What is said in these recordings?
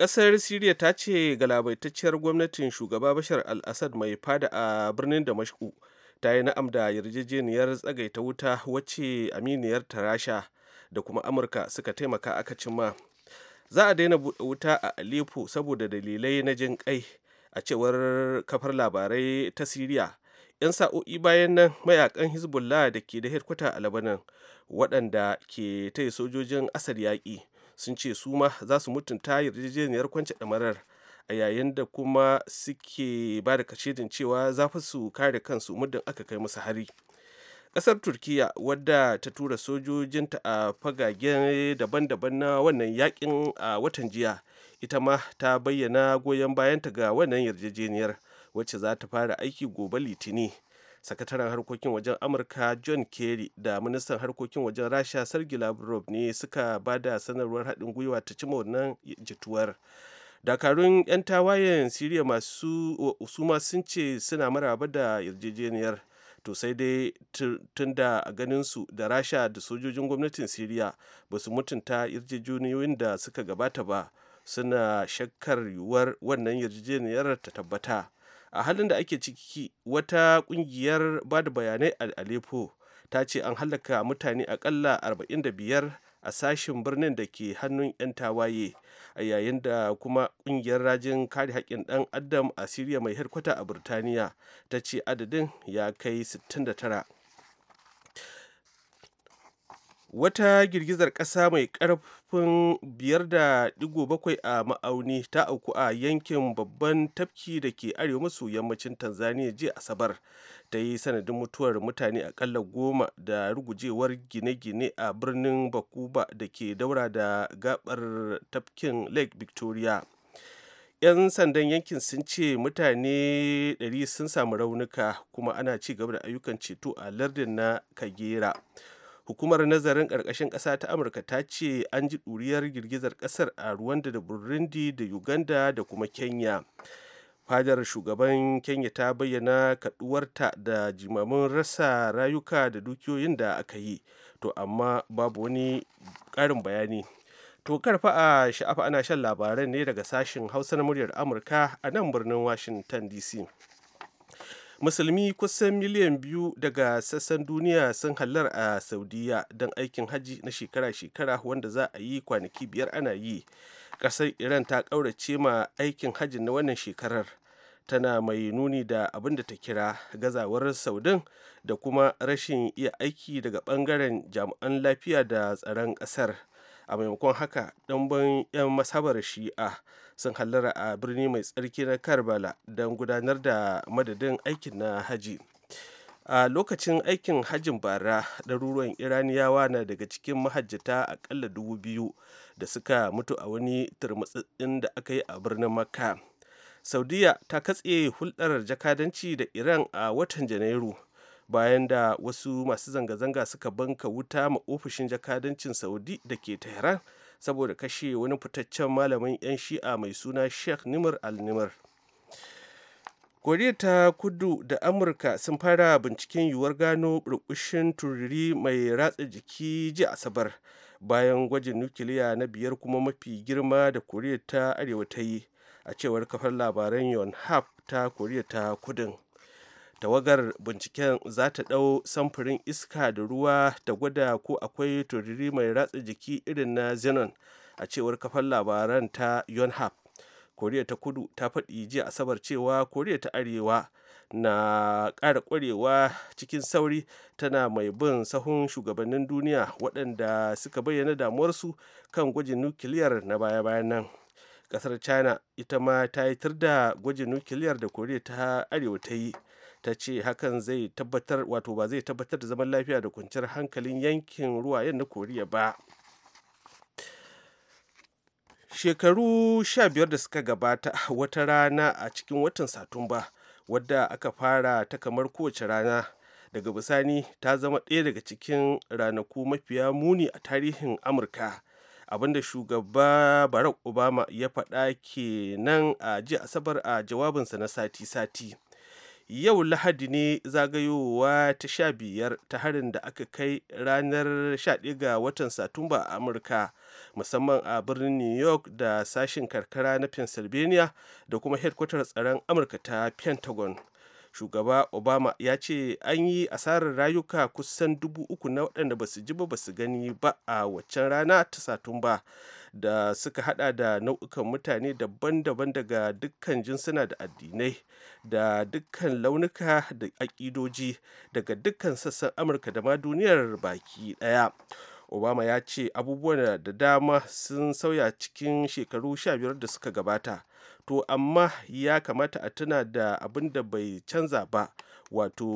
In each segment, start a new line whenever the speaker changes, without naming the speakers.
kasar Siriya ta ce galabaitacciyar gwamnatin shugaba Bashar al-Assad mai fada a birnin Damashku ta yi na'am da yarjejeniyar tsagaita wuta wacce aminiyar ta rasha da kuma Amurka suka taimaka aka cimma. Za a daina buɗe wuta a Aleppo saboda dalilai na jin kai a cewar kafar labarai ta Siriya. 'Yan sa'o'i bayan nan mayakan Hezbollah da ke da hedkwata a labanin waɗanda ke taya sojojin Asad yaƙi. sun ce su ma za su mutunta yarjejeniyar kwance ɗamarar a yayin da kuma suke ba da kashedin cewa za su kare kansu muddin aka kai musu hari ƙasar turkiya wadda ta tura sojojinta a fagage daban-daban na wannan yakin a watan jiya ita ma ta bayyana goyon bayanta ga wannan yarjejeniyar wacce za ta fara aiki gobe litini sakataren harkokin wajen amurka john kerry da ministan harkokin wajen rasha sergei lavrov ne suka ba da sanarwar haɗin gwiwa ta cima wannan jituwar dakarun 'yan tawayen siriya masu usuma sun ce suna maraba da yarjejeniyar to sai dai tun da a ganinsu da rasha da sojojin gwamnatin siriya ba su mutunta yarjejeniyoyin da suka gabata ba suna shakkar yiwuwar wannan yarjejeniyar ta tabbata a halin da ake ciki wata kungiyar ba da bayanai a aleppo ta ce an halaka mutane akalla 45 a sashen birnin da ke hannun 'yan tawaye a yayin da kuma kungiyar rajin kare haƙƙin ɗan adam a siriya mai harkwata a burtaniya ta ce adadin ya kai 69 wata girgizar ƙasa mai ƙarfin 5.7 a ma'auni ta auku a yankin babban tafki da ke arewa maso yammacin tanzania jiya asabar ta yi sanadin mutuwar mutane akalla goma da rugujewar gine-gine a birnin bakuba da ke daura da gabar tafkin lake victoria 'yan sandan yankin sun ce mutane 100 sun samu raunuka kuma ana ci gaba da ayyukan ceto a lardin na kagera hukumar nazarin ƙarƙashin ƙasa ta amurka ta ce an ji ɗuriyar girgizar ƙasar a ruwanda da burundi da uganda da kuma kenya fadar shugaban kenya ta bayyana kaduwarta da jimamin rasa rayuka da dukiyoyin da aka yi to amma babu wani ƙarin bayani to karfa a sha'afa ana shan labaran ne daga sashen hausa na muryar amurka a nan birnin washington dc musulmi kusan miliyan biyu daga sassan duniya sun hallar a saudiya don aikin hajji na shekara-shekara wanda za a yi kwanaki biyar ana yi ƙasar iran ta ƙaurace ma aikin hajji na wannan shekarar tana mai nuni da abin da ta kira gazawar saudin da kuma rashin iya aiki daga ɓangaren jami'an lafiya da tsaron ƙasar a maimakon haka ɗanban 'yan masabar shi'a sun hallara a birni mai tsarki na karbala don gudanar da madadin aikin na haji a lokacin aikin hajjin bara ɗaruruwan iraniyawa na daga cikin mahajjata akalla dubu biyu da suka mutu a wani turmutsatsin da aka yi a birnin makka saudiya ta katse hulɗar jakadanci da iran a watan janairu bayan da wasu masu zanga-zanga suka banka wuta ma ofishin jakadancin saudi da ke tehran saboda kashe wani fitaccen malamin 'yan shi'a mai suna sheikh nimar al-nimar koriya ta kudu da amurka sun fara binciken yiwuwar gano burbushin turiri mai ratsa jiki ji asabar bayan gwajin nukiliya na biyar kuma mafi girma da koriya ta arewa ta yi a cewar kafar labaran yonhap ta koriya ta kudin tawagar binciken za ta ɗau samfurin iska da ruwa da gwada ko akwai turiri mai ratsa jiki irin na xenon a cewar kafar labaran ta yonhap koriya ta kudu ta faɗi jiya asabar cewa koriya ta arewa na ƙara ƙwarewa cikin sauri tana mai bin sahun shugabannin duniya waɗanda suka bayyana damuwarsu kan gwajin nukiliyar na baya-bayan nan ƙasar china ita ma ta yi tir da gwajin nukiliyar da koriya ta arewa ta yi ta ce hakan zai tabbatar wato ba zai tabbatar da zaman lafiya da kwanciyar hankalin yankin ruwayen na koriya ba shekaru sha da suka gabata wata rana a cikin watan satumba wadda aka fara ta kamar kowace rana daga bisani ta zama ɗaya daga cikin ranaku mafiya muni a tarihin amurka abinda shugaba barack obama ya faɗa kenan a jiya asabar a jawabinsa na sati-sati yau lahadi ne zagayowa ta sha biyar ta harin da aka kai ranar 11 ga watan satumba a amurka musamman a birnin new york da sashen karkara na pennsylvania da kuma headquarter tsaron amurka ta pentagon shugaba obama ya ce an yi asarar rayuka kusan dubu uku na waɗanda ba su ji ba ba su gani ba a waccan rana ta satumba da suka hada da nau'ukan mutane daban-daban daga dukkan jinsuna da addinai da dukkan launuka da akidoji daga dukkan sassan amurka da ma duniyar baki daya obama ya ce abubuwan da dama sun sauya cikin shekaru sha biyar da suka gabata to amma ya kamata a tuna da abin da bai canza ba wato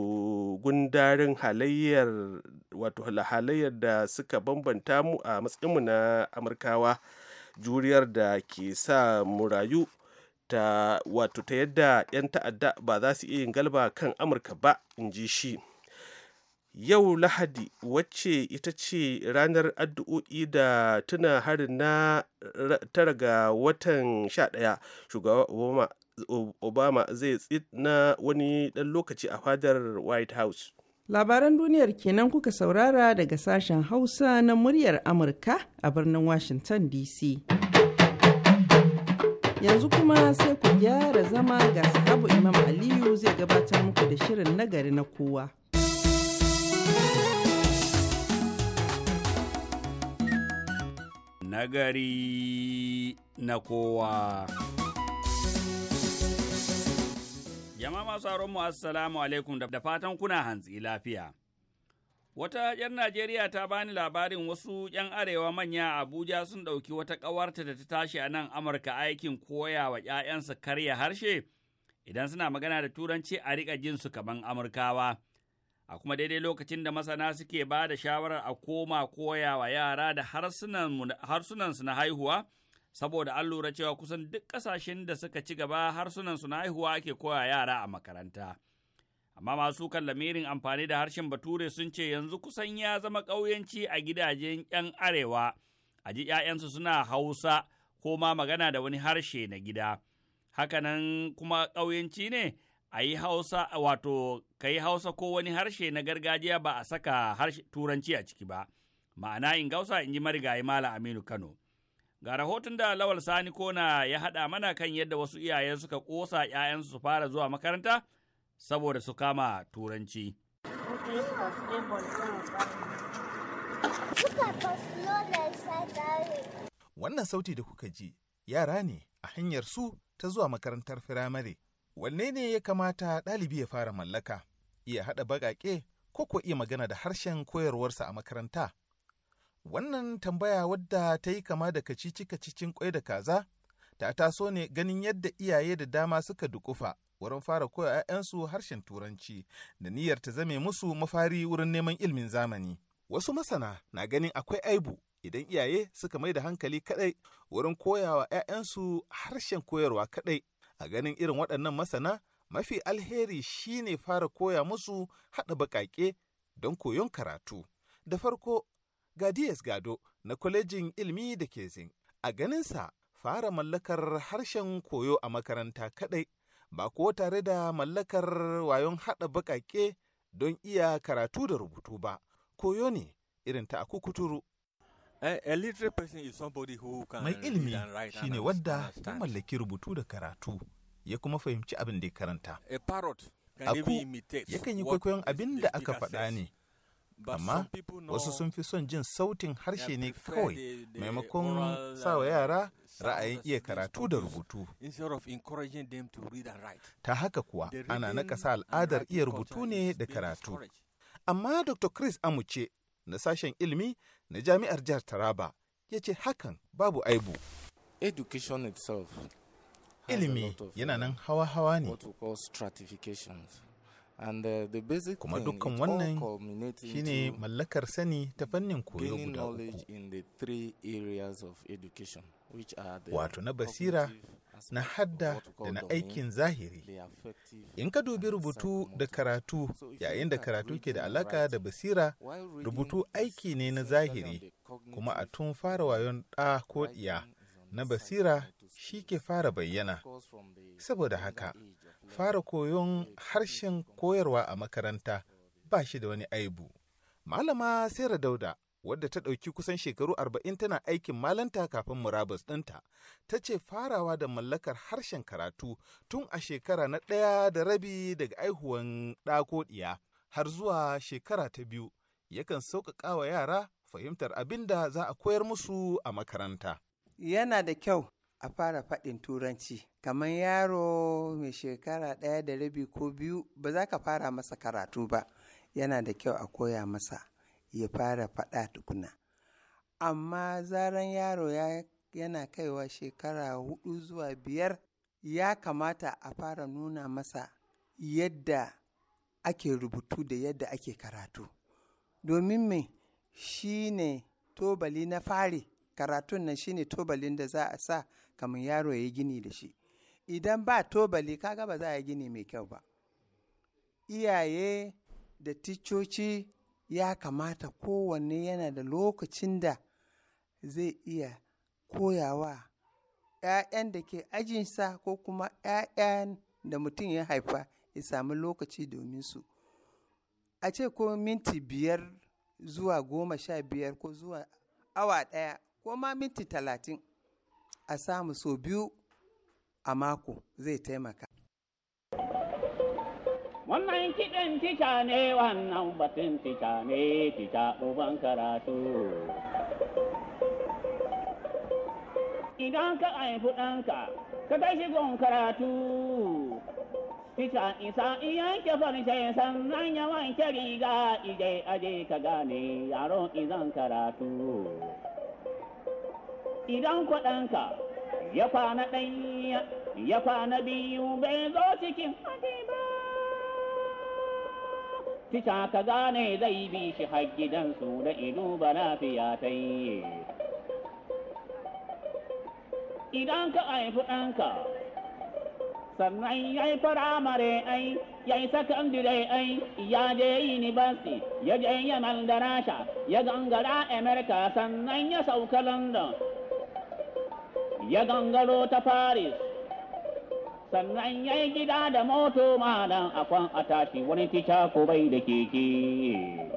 gundarin halayyar wato halayyar da suka bambanta mu a matsayinmu na amurkawa juriyar da ke sa mu rayu ta wato ta yadda 'yan ta'adda ba za su iya yin galba kan amurka ba in ji shi yau lahadi wacce ita ce ranar addu'o'i da tuna harin na tara ga watan 11 shugaba obama obama zai tsit na wani ɗan lokaci a fadar white house
labaran duniyar kenan kuka saurara daga sashen hausa na muryar amurka a birnin washington dc yanzu kuma sai ku gyara zama ga sahabu imam aliyu zai gabatar muku da shirin nagari na kowa
nagari na kowa jama masu mu assalamu alaikum da fatan kuna hantsi lafiya. Wata 'yan Najeriya ta bani labarin wasu 'yan arewa manya a Abuja sun ɗauki wata ƙawarta da ta tashi a nan Amurka aikin koya wa 'ya'yansa karya harshe idan suna magana da Turanci a riƙa jin su kaman Amurkawa. A kuma daidai lokacin da masana suke ba da shawarar a koma koya wa yara da harsunansu na haihuwa. saboda an lura cewa kusan duk ƙasashen da suka ci gaba harsunan su na haihuwa ake koya yara a makaranta. Amma masu lamirin amfani da harshen Bature sun ce yanzu kusan ya zama ƙauyenci a gidajen 'yan arewa, a ji 'ya'yansu suna Hausa ko ma magana da wani harshe na gida. Hakanan kuma ƙauyenci ne a yi Hausa wato ka yi Hausa ko wani harshe na gargajiya ba a saka Turanci a ciki ba. Ma'ana in gausa in ji marigayi Malam Aminu Kano. Ga rahoton da Lawal Sani Kona ya haɗa mana kan yadda wasu iyaye suka ƙosa ‘ya'yansu su fara zuwa makaranta saboda su kama Turanci.
Wannan sauti da kuka ji, yara ne a hanyar su ta zuwa makarantar firamare. Wanne ne ya kamata ɗalibi ya fara mallaka? Iya haɗa baƙaƙe ko ko iya magana da harshen koyarwarsa a makaranta? Wannan tambaya wadda ta yi kama da kacici cikin kwai da kaza, ta taso ne ganin yadda iyaye da dama suka dukufa wurin fara koya 'ya'yansu harshen Turanci da niyyar ta zame musu mafari wurin neman ilmin zamani. Wasu masana na ganin akwai aibu idan iyaye suka mai da hankali kadai wurin koyawa 'ya'yansu harshen koyarwa kadai. A ganin irin waɗannan masana, mafi alheri shine fara koya musu haɗa baƙaƙe don koyon karatu. Da farko ga Gado na kwalejin ilmi da ke zin. A ganinsa fara mallakar harshen koyo a makaranta kaɗai, ba kuwa tare da mallakar wayon haɗa baƙaƙe don iya karatu da rubutu ba, koyo ne irin ta akukuturu. Eh, Mai ilimi shi ne wadda ta mallaki rubutu da karatu, ya kuma fahimci abin da ya karanta.
Aku yakan yi kwaikwayon
abin da aka faɗa ne. amma wasu sun fi son jin sautin harshe ne kawai maimakon sawa uh, yara ra'ayin iya karatu da rubutu. Ta haka kuwa ana nakasa al'adar iya rubutu ne da karatu. Amma Dr. Chris Amuce na sashen ilimi na jami'ar jihar Taraba ya ce hakan babu aibu. Education itself ilimi yana uh, nan hawa-hawa ne. Uh, kuma dukkan wannan shine mallakar sani ta fannin koyo guda uku wato na basira na hadda da na aikin zahiri in ka dubi rubutu da karatu yayin da karatu ke da alaka da basira rubutu aiki ne na zahiri kuma a tun fara wayon ɗa ko ɗiya na basira shi ke fara bayyana saboda haka fara koyon harshen koyarwa a makaranta ba shi da wani aibu. Malama Sera Dauda, wadda ta ɗauki kusan shekaru arba'in tana aikin malanta kafin murabus ɗinta, ta ce farawa da mallakar harshen karatu tun a shekara na ɗaya da rabi daga aihuwan ɗako ɗiya har zuwa shekara ta biyu yakan sauƙaƙa wa yara fahimtar abin da za a koyar musu a makaranta. Yana da kyau a fara faɗin turanci kamar yaro
mai shekara ɗaya da rabi ko biyu ba za ka fara masa karatu ba yana da kyau a koya masa ya fara faɗa tukuna amma zaran yaro ya yana kaiwa shekara hudu zuwa biyar ya kamata a fara nuna masa yadda ake rubutu da yadda ake karatu domin me shi ne tobali na fari karatun nan shi ne tobalin da za a sa kamar yaro ya yi gini da shi idan ba tobali kaga ba za a yi gini mai kyau ba iyaye da ticoci ya kamata kowanne yana da lokacin da zai iya koyawa 'ya'yan da ke ajinsa ko kuma 'ya'yan da mutum ya haifa ya sami lokaci domin su a ce ko minti biyar zuwa goma sha biyar ko zuwa awa ɗaya ko ma minti talatin a samu so biyu a mako zai taimaka.
Wannan kiɗin tica ne wannan batun tica ne tica ɗuban karatu. Idan ka aifi ɗanka, ka kai shi karatu. Tica isa iya ke farce sannan ya wanke riga ije aje ka gane yaro izan karatu. idan kuɗanka ya kwana ɗanya ya kwana biyu bai zo cikin haɗi ka gane zai bi shi har gidansu da ido ba lafiya ta yi. Idan ka haifi ɗanka, sannan ya yi firamare ai, ya yi sakandire ai, ya je yunibasi, ya je yamal da rasha, ya gangara Amerika sannan ya sauka London. ya gangaro ta Paris. Sannan ya yi gida da moto malam akwan a tashi wani tica ko bai da keke.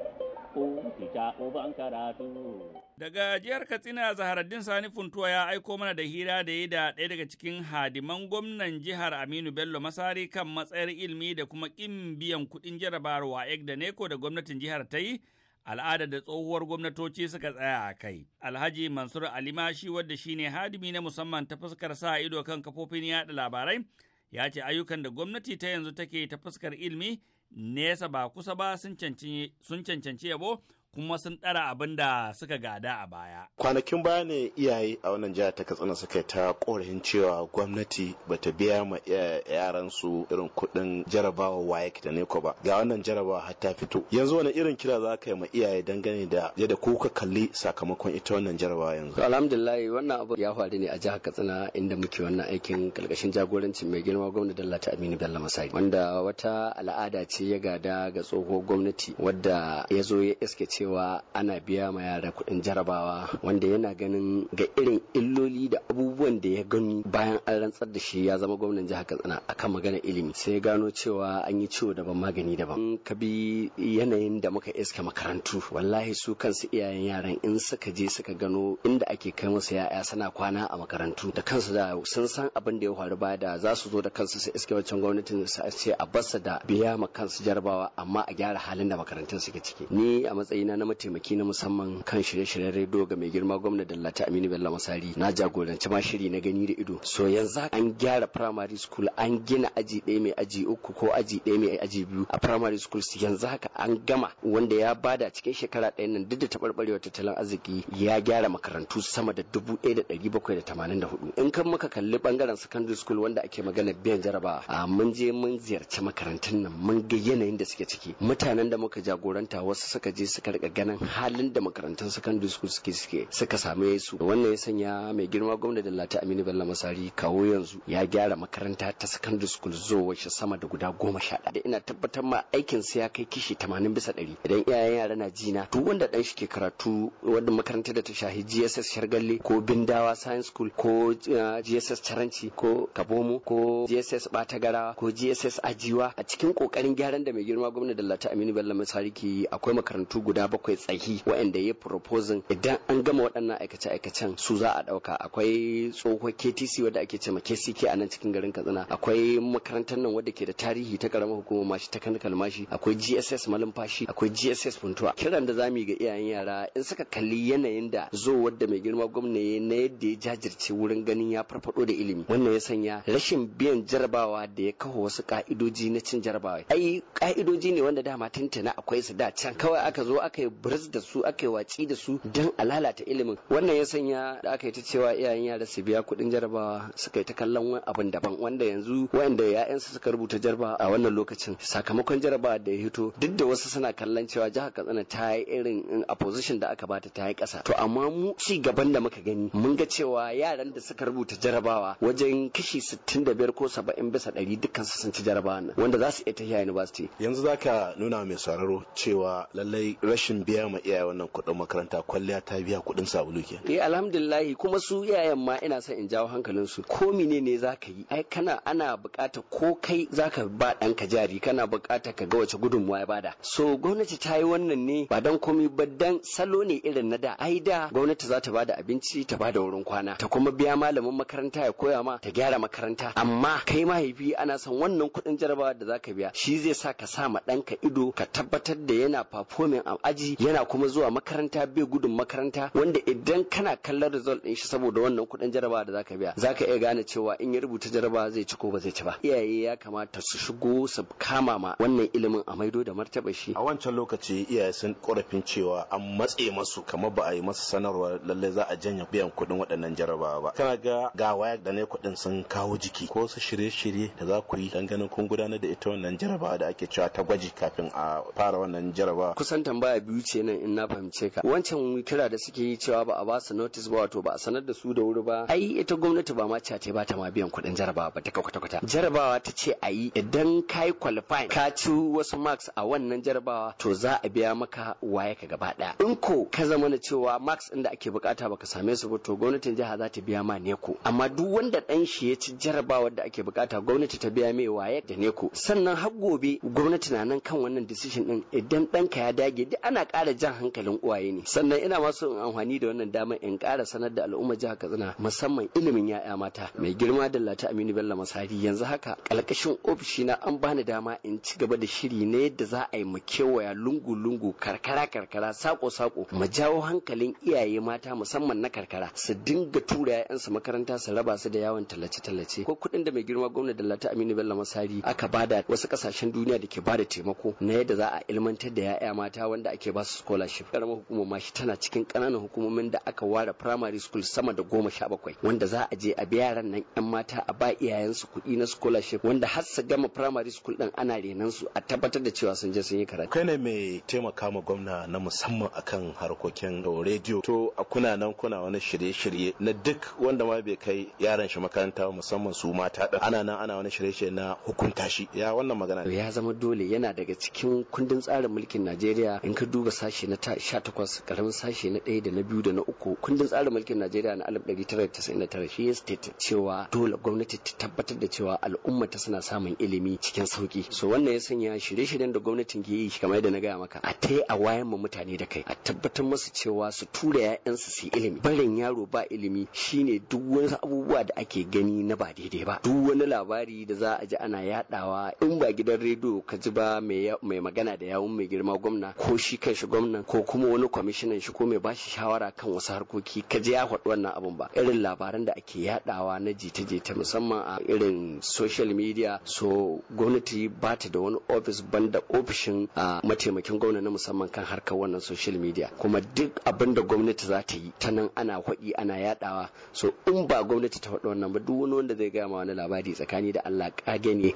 Daga jihar Katsina Zaharaddin Sani Funtuwa ya aiko mana da hira da yi da ɗaya daga cikin hadiman gwamnan jihar Aminu Bello Masari kan matsayar ilmi da kuma ƙin biyan kuɗin jarabar WAEC da neko da gwamnatin jihar ta yi Al'ada da tsohuwar gwamnatoci suka tsaya a kai. Alhaji Mansur Alimashi wadda shine hadimi na musamman ta fuskar sa ido kan kafofin yaɗa labarai ya ce ayyukan da gwamnati ta yanzu take ta fuskar ilimi nesa ba kusa ba sun cancanci yabo kuma sun ɗara abin da suka gada a baya.
Kwanakin baya ne iyaye a wannan jihar ta Katsina suka ta korafin cewa gwamnati bata biya ma yaran su irin kuɗin jarabawa waye da neko ba. Ga wannan jarabawa har ta fito. Yanzu wani irin kira za ka yi ma iyaye dangane da yadda ko ka kalli sakamakon ita wannan jarabawa yanzu. Alhamdulillah
wannan abu ya faru ne a jihar Katsina inda muke wannan aikin karkashin jagoranci mai girma gwamna Dalla ta Aminu Bello Masai wanda wata al'ada ce ya gada ga tsohuwar gwamnati wadda ya zo ya iske cewa cewa ana biya ma yara kuɗin jarabawa wanda yana ganin ga irin illoli da abubuwan da ya gani bayan an rantsar da shi ya zama gwamnan jihar katsina akan magana ilimi sai ya gano cewa an yi ciwo daban magani daban ka bi yanayin da muka iska makarantu wallahi su kansu iyayen yaran in suka je suka gano inda ake kai musu ya'ya sana kwana a makarantu da kansu da sun san abin da ya faru baya da za su zo da kansu su iske wancan gwamnatin su ce a basa da biya ma kansu jarabawa amma a gyara halin da makarantun suke ciki ni a matsayin na na mataimaki na musamman kan shirye-shiryen rediyo ga mai girma gwamna Dallata Aminu Bello Masari na jagoranci ma shiri na gani da ido. So yanzu an gyara primary school an gina aji ɗaya mai aji uku ko aji ɗaya mai aji biyu a primary school yanzu haka an gama wanda ya bada cikin shekara ɗaya nan duk da taɓarɓarewar tattalin arziki ya gyara makarantu sama da dubu ɗaya da ɗari bakwai da tamanin da hudu. In kan muka kalli ɓangaren secondary school wanda ake magana biyan jaraba a mun je mun ziyarci makarantun nan mun ga yanayin da suke ciki mutanen da muka jagoranta wasu suka je suka rika ganin halin da makarantun secondary school suke suke suka same su wannan ya sanya mai girma gwamnati da lati aminu bello masari kawo yanzu ya gyara makaranta ta secondary school zuwa wacce sama da guda goma sha ɗaya ina tabbatar ma aikin sa ya kai kishi tamanin bisa ɗari idan iyayen yara na jina duk wanda dan shi ke karatu wanda makarantar da ta shahi gss shargalle ko bindawa science school ko uh, gss caranci ko kabomo ko gss batagarawa ko gss ajiwa a cikin kokarin gyaran da mai girma gwamnati da lati aminu bello masari ke akwai makarantu guda bakwai tsahi waɗanda ya proposing idan an gama waɗannan aikace-aikacen su za a ɗauka akwai tsohuwar KTC wadda ake ce ma KCK a nan cikin garin Katsina akwai makarantar nan wadda ke da tarihi ta karamar hukumar mashi ta kanikal mashi akwai GSS malumfashi akwai GSS puntuwa kiran da zamu yi ga iyayen yara in suka kalli yanayin da zo wadda mai girma gwamna na yadda ya jajirce wurin ganin ya farfado da ilimi wannan ya sanya rashin biyan jarabawa da ya kawo wasu ka'idoji na cin jarabawa ai ka'idoji ne wanda dama tuntuna akwai su da can kawai aka zo aka aka yi birs da su aka yi watsi da su don a lalata ilimin wannan ya sanya da aka yi ta cewa iyayen yara su biya kuɗin jarabawa suka yi ta kallon wani abin daban wanda yanzu wanda ya'yansu suka rubuta jaraba a wannan lokacin sakamakon jarabawa da ya hito duk da wasu suna kallon cewa jihar katsina ta yi irin a position da aka bata ta yi ƙasa to amma mu ci gaban da muka gani mun ga cewa yaran da suka rubuta jarabawa wajen kashi 65 ko 70 bisa 100
dukkan su sun ci jarabawa wanda za su iya tafiya university yanzu zaka nuna mai sauraro cewa lallai rashin shin biya ma iyaye wannan kuɗin makaranta kwalliya ta biya kuɗin sabulu ke
eh alhamdulillah kuma su iyayen ma ina son in jawo hankalin su ko mine ne zaka yi ai kana ana bukata ko kai zaka ba ɗanka jari kana bukata ka ga wace gudunmuwa ya bada so gwamnati ta yi wannan ne ba dan komai ba dan salo ne irin na da ai da gwamnati za ta bada abinci ta bada wurin kwana ta kuma biya malamin makaranta ya koya ma ta gyara makaranta amma kai mahaifi ana son wannan kuɗin jarabawa da za ka biya shi zai sa ka sa ma ɗanka ido ka tabbatar da yana performing a aji yana kuma zuwa makaranta bai gudun makaranta wanda idan kana kallon result din shi saboda wannan kudin jaraba da zaka biya zaka iya gane cewa in ya rubuta jarabawa zai ci ko ba zai ci ba iyaye ya kamata su shigo su kama ma wannan ilimin a maido da martaba shi
a wancan lokaci iyaye sun korafin cewa an matse masu kamar ba a yi masa sanarwa lalle za a janya biyan kuɗin waɗannan jarabawa ba kana ga ga waya da ne kuɗin sun kawo jiki ko su shirye-shirye da za ku yi dan ganin kun gudanar da ita wannan jaraba da ake cewa ta gwaji kafin a fara wannan jaraba. kusan tambaya biyu ce nan in na fahimce ka
wancan kira da suke yi cewa ba a ba su notice ba wato ba a sanar da su da wuri ba ai ita gwamnati ba ma ce ba ta ma biyan kuɗin jarabawa ba ta kwata kwata jarabawa ta ce a yi idan ka yi qualify ka ci wasu marks a wannan jarabawa to za a biya maka waye ka gaba ɗaya in ko ka zama na cewa marks ɗin da ake bukata baka same su ba to gwamnatin jiha za ta biya ma ne ku. amma duk wanda dan shi ya ci jarabawar da ake bukata gwamnati ta biya mai waye da ku sannan har gobe gwamnati na nan kan wannan decision din idan ɗanka ya dage duk ana yana ƙara jan hankalin uwaye ne sannan ina masu in amfani da wannan damar in ƙara sanar da al'umma jihar Katsina musamman ilimin ya'ya mata mai girma da Lata Aminu Bello Masari yanzu haka ƙalƙashin ofishi na an bani dama in ci gaba da shiri ne yadda za a yi mu kewaya lungu-lungu karkara-karkara sako-sako mu jawo hankalin iyaye mata musamman na karkara su dinga tura 'ya'yansu makaranta su raba su da yawon tallace-tallace ko kuɗin da mai girma gwamna da Lata Aminu Bello Masari aka bada wasu ƙasashen duniya da ke bada taimako na yadda za a ilmantar da 'ya'ya mata wanda ake ba su scholarship karamar ma shi tana cikin kananan hukumomin da aka ware primary school sama da goma sha bakwai wanda za a je a bi yaran nan yan mata a ba iyayensu kuɗi na scholarship wanda har
su gama primary school din ana renan su a tabbatar da cewa sun je sun yi karatu kai ne mai taimaka ma gwamna na musamman akan harkokin rediyo to a kuna nan kuna wani shirye-shirye na duk wanda ma bai kai yaran shi makaranta musamman su mata din ana nan ana wani shirye-shirye na hukunta shi ya wannan magana ya zama dole yana daga cikin kundin tsarin mulkin Najeriya in ka
duba sashe na 18 karamin sashe na 1 da na 2 da na 3 kundin tsarin mulkin Najeriya na 1999 shi ya state cewa dole gwamnati ta tabbatar da cewa al'umma ta suna samun ilimi cikin sauki so wannan ya sanya shirye-shiryen da gwamnatin ke yi kamar yadda na gaya maka a ta yi a wayan mu mutane da kai a tabbatar musu cewa su tura 'ya'yansu su ilimi barin yaro ba ilimi shine duk wani abubuwa da ake gani na ba daidai ba duk wani labari da za a ji ana yadawa in ba gidan rediyo ka ji ba mai magana da yawun mai girma gwamna ko shi shi kanshi gwamnan ko kuma wani kwamishinan shi ko mai bashi shawara kan wasu harkoki ka je ya faɗi wannan abun ba irin labaran da ake yadawa na jita-jita musamman a irin social media so gwamnati ba ta da wani ofis banda ofishin a mataimakin gwamna na musamman kan harkar wannan social media kuma duk abin da gwamnati za ta yi ta nan ana kwaɗi ana yadawa so in ba gwamnati ta faɗi wannan ba duk wani wanda zai gaya ma wani labari tsakani da Allah kage ne.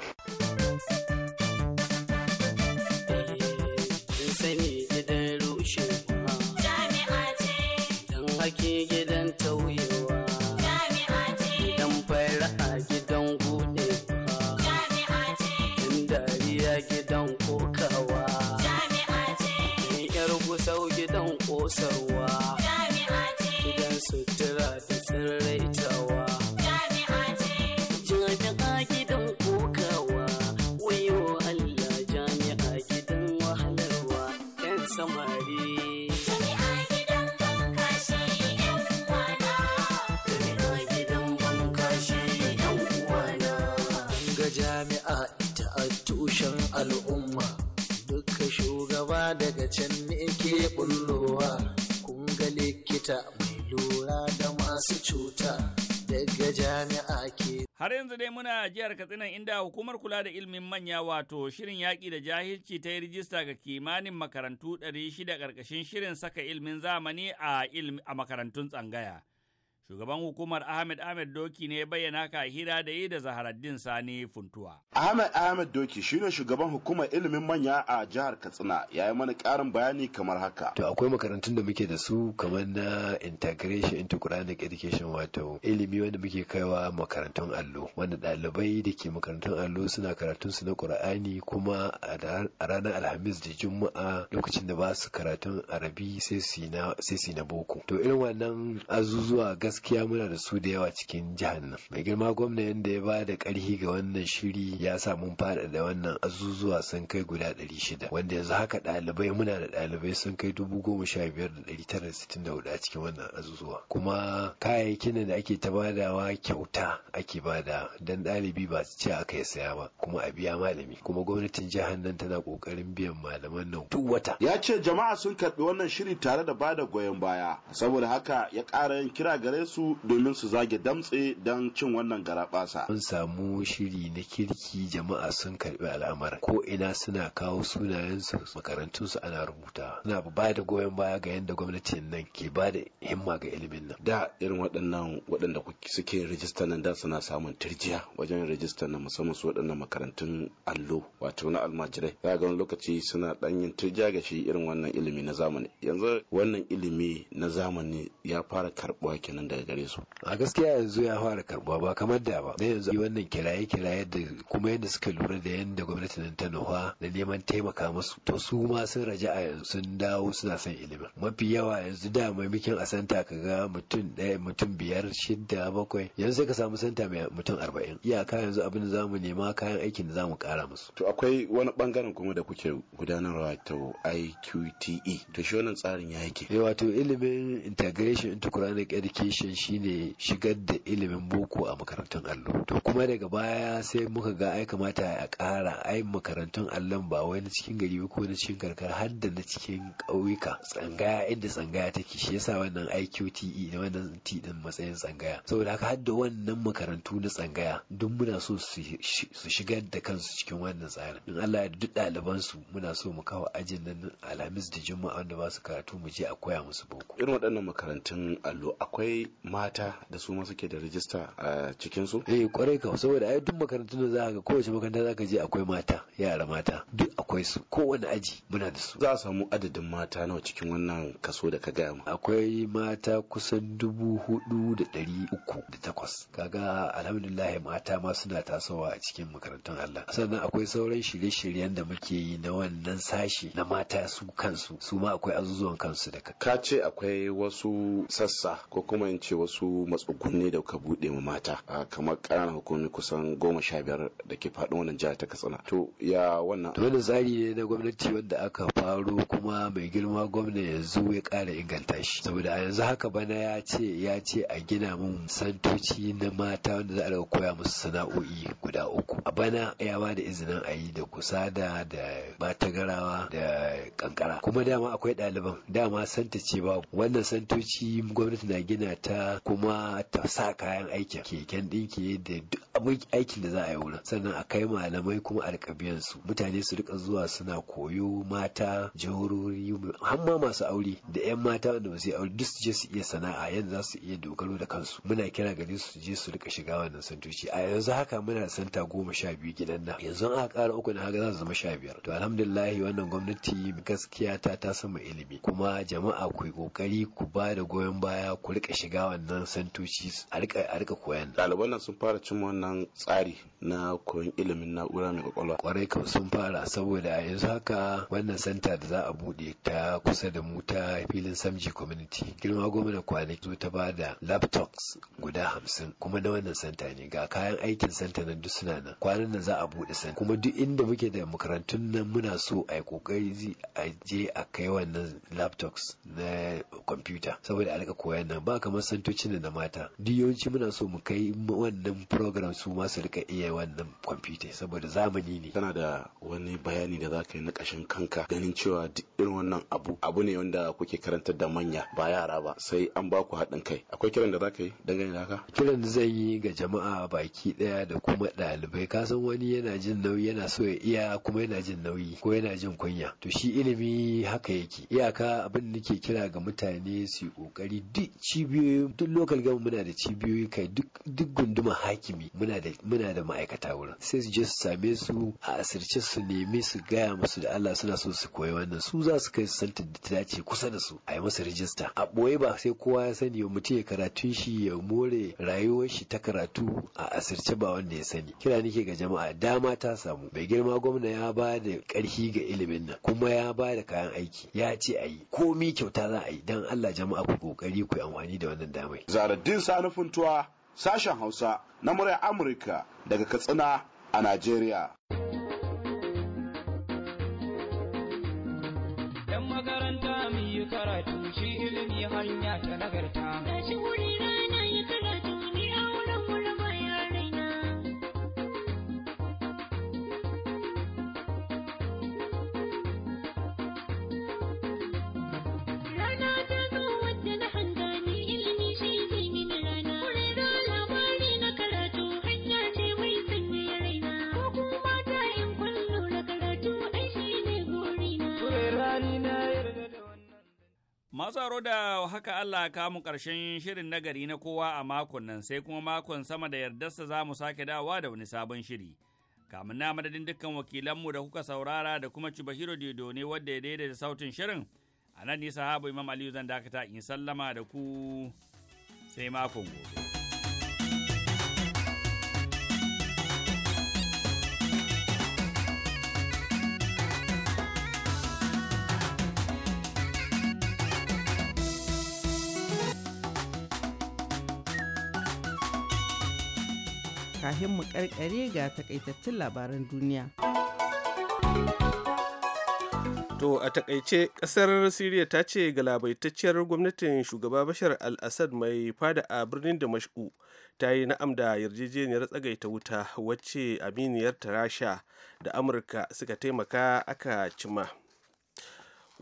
jihar Katsina inda hukumar kula da ilimin manya wato shirin yaƙi da jahilci ta yi rijista ga kimanin makarantu 600 ƙarƙashin shirin saka ilimin zamani a makarantun tsangaya. Shugaban hukumar Ahmed Ahmed Doki ne bayyana ka hira da yi da Zaharaddin Sani Funtuwa.
Ahmed Ahmed Doki shine shugaban hukumar ilimin manya a jihar Katsina ya yi mana karin bayani
kamar haka. To akwai makarantun da muke da su kamar na integration into Quranic education wato ilimi wanda muke kaiwa makarantun allo wanda ɗalibai da ke makarantun allo suna karatun su na Qur'ani kuma a ranar Alhamis da Juma'a lokacin da ba su karatun Arabi sai su na boko. To irin wannan azuzuwa gas gaskiya muna da su da yawa cikin jihar mai girma gwamna yadda ya ba da karhi ga wannan shiri ya sa mun da wannan azuzuwa sun kai guda ɗari shida wanda yanzu haka ɗalibai muna da ɗalibai sun kai dubu goma sha biyar da ɗari tara sittin da a cikin wannan azuzuwa kuma kayayyakin da ake ta badawa kyauta ake bada dan ɗalibi ba su ce aka ya saya ba kuma a biya malami kuma gwamnatin jihar nan tana ƙoƙarin biyan malaman nan duk wata ya ce jama'a
sun karɓi wannan shiri tare da bada goyon baya saboda haka ya ƙara yin kira gare rinjaye su domin su zage damtse don cin wannan garaɓasa.
Mun samu shiri na kirki jama'a sun karɓi al'amar ko ina suna kawo sunayensu su ana rubuta. Suna ba da goyon baya ga yadda gwamnatin nan ke ba da himma ga ilimin nan. Da irin waɗannan
waɗanda suke rijistar nan da suna samun turjiya wajen rijistar nan musamman su waɗannan makarantun allo wato na almajirai. Za ga wani lokaci suna ɗan yin turjiya ga shi irin wannan ilimi na zamani. Yanzu wannan ilimi na zamani ya fara karɓuwa kenan daga gare su
a gaskiya yanzu ya fara karbuwa ba kamar da ba na yanzu wannan kiraye kiraye da kuma yadda suka lura da yadda gwamnati nan ta nufa da neman taimaka musu to su ma sun raja a yanzu sun dawo suna son ilimin mafi yawa yanzu da maimakin a santa ka ga mutum ɗaya mutum biyar shidda bakwai yanzu sai ka samu santa mai mutum arba'in iyaka yanzu abin da zamu nema kayan aikin da za mu kara musu to akwai wani bangaren kuma da kuke gudanarwa ta IQTE
to shi wannan tsarin ya yake
eh, wato ilimin integration into chronic education shi shine shigar da ilimin boko a makarantun allo to kuma daga baya sai muka ga ai kamata a ƙara ai makarantun allon ba wai na cikin gari ba ko na cikin karkara har da na cikin ƙauyuka tsangaya inda tsangaya take shi yasa wannan IQTE da wannan T din matsayin tsangaya saboda haka har da wannan makarantu na tsangaya duk muna so su shigar da kansu cikin wannan tsarin in Allah ya duk ɗaliban su muna so mu kawo ajin nan Alhamis da Juma'a wanda ba su karatu mu je a koya musu
boko irin waɗannan makarantun allo akwai mata da
su ma suke da rijista a cikin su eh kwarai ka saboda ai duk makarantun da za ga kowace makaranta za ka je akwai mata yara mata duk akwai su kowane aji muna da su za a samu adadin mata nawa cikin wannan kaso da ka gaya mu akwai mata kusan dubu hudu da dari uku da takwas kaga alhamdulillah mata ma suna tasowa a cikin makarantun Allah sannan akwai sauran shirye-shiryen da muke yi na wannan sashi na mata su kansu su ma akwai azuzuwan kansu da
ka ce akwai wasu sassa ko kuma in ce wasu matsugunni da ka buɗe ma mata kamar ƙananan hukumi kusan goma sha biyar da ke faɗin wannan jihar ta katsina to
ya wannan Dole tsari ne na gwamnati wanda aka faro kuma mai girma gwamna yanzu ya ƙara inganta shi saboda a yanzu haka bana ya ce ya ce a gina mun santoci na mata wanda za a daga koya musu sana'o'i guda uku a bana ya ba da izinin a yi da kusa da matagarawa da kankara kuma dama akwai ɗaliban dama santa ce ba, wannan santoci gwamnati na gina ta ta kuma ta sa kayan aikin keken ɗinki da abin aikin da za a yi wurin sannan a kai malamai kuma su mutane su rika zuwa suna koyo mata jahorori hamma masu aure da 'yan mata wanda ba su yi aure duk su iya sana'a yadda za su iya dogaro da kansu muna kira gare su je su rika shiga wannan santoci a yanzu haka muna da santa goma sha biyu gidan nan yanzu aka ƙara uku na haka za su zama sha biyar to alhamdulillahi wannan gwamnati gaskiya ta ta sama ilimi kuma jama'a ku yi ƙoƙari ku ba da goyon baya ku rika shiga shiga wannan santoci a rika koyan
ɗaliban nan sun fara cin wannan tsari na koyon ilimin na'ura
mai kwakwalwa kwarai kan sun fara saboda a yanzu haka wannan santa da za a buɗe ta kusa da mu ta filin samji community girma gwamna kwanaki ta ba da laptops guda hamsin kuma na wannan santa ne ga kayan aikin santa nan duk suna nan kwanan nan za a buɗe santa kuma duk inda muke da makarantun nan muna so a yi kokari a je a kai wannan laptops na kwamfuta saboda a rika koyan nan ba kamar santocin da na mata duk yawanci muna so mu kai wannan program su ma su rika iya wannan kwamfuta saboda zamani ne kana da wani bayani da zaka yi na kashin kanka ganin cewa duk irin wannan abu
abu ne wanda kuke karantar da manya ba yara ba sai an ba ku haɗin kai akwai kiran da zaka yi dangane
da haka kiran zan yi ga jama'a baki ɗaya da kuma ɗalibai ka san wani yana jin nauyi yana so ya iya kuma yana jin nauyi ko yana jin kunya to shi ilimi haka yake iyaka abin da nake kira ga mutane su yi ƙoƙari duk cibiyoyi duk lokal gama muna da cibiyoyi kai duk gunduma hakimi muna da ma'aikata wurin sai su je su same su a asirce su nemi su gaya musu da Allah suna so su koyi wannan su za su kai su santa da ta dace kusa da su a yi masa rijista a ɓoye ba sai kowa ya sani mutum ya karatu shi ya more rayuwar shi ta karatu a asirce ba wanda ya sani kira nake ga jama'a dama ta samu mai girma gwamna ya ba da ƙarfi ga ilimin nan kuma ya ba da kayan aiki ya ce a yi komi kyauta za a yi don Allah jama'a ku kokari ku yi amfani da wannan waɗannan Zaradin Zaraddin
Tuwa sashen Hausa na murya Amurka daga Katsina a Najeriya.
Dan makaranta mai karatu shi ilimi hanya ta nagarta. Tashi wuri rana.
da haka Allah ka mu ƙarshen shirin nagari na kowa a makon nan sai kuma makon sama da yardarsa za mu sake dawa da wani sabon shiri. Kamun na madadin dukkan wakilanmu da kuka saurara da kuma Cibahiro Dido ne wadda ya daidaita sautin shirin. A nan nisa habu Imam Aliyu zan dakata in sallama da ku sai makon gobe.
kahin mu karkare ga takaitattun labaran duniya.
To a takaice kasar Siriya ta ce galabaitacciyar gwamnatin shugaba Bashar al-Assad mai fada a birnin Damashku ta yi na'am da yarjejeniyar tsagaita wuta wacce aminiyar Rasha da Amurka suka taimaka aka cima.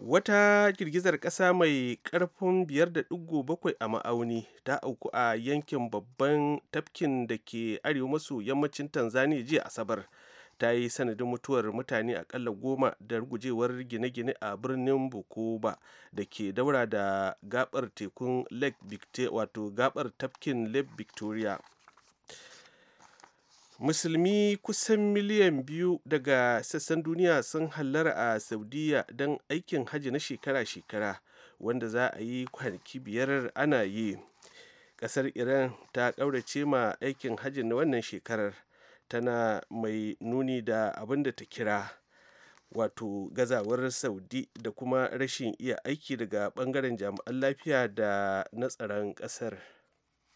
wata girgizar ƙasa mai ƙarfin bakwai a ma'auni ta auku a yankin babban tafkin da ke arewa maso yammacin tanzania jiya asabar ta yi sanadin mutuwar mutane akalla goma da rugujewar gine-gine a birnin bukoba da ke daura da gabar tekun lake victoria tafkin lake victoria musulmi kusan miliyan biyu daga sassan duniya sun hallara a saudiya don aikin hajji na shekara-shekara wanda za a yi kwanaki biyar ana yi kasar iran ta ƙaurace ma aikin hajji na wannan shekarar tana mai nuni da abin da ta kira wato gazawar saudi da kuma rashin iya aiki daga ɓangaren jami'an lafiya da na tsaron ƙasar.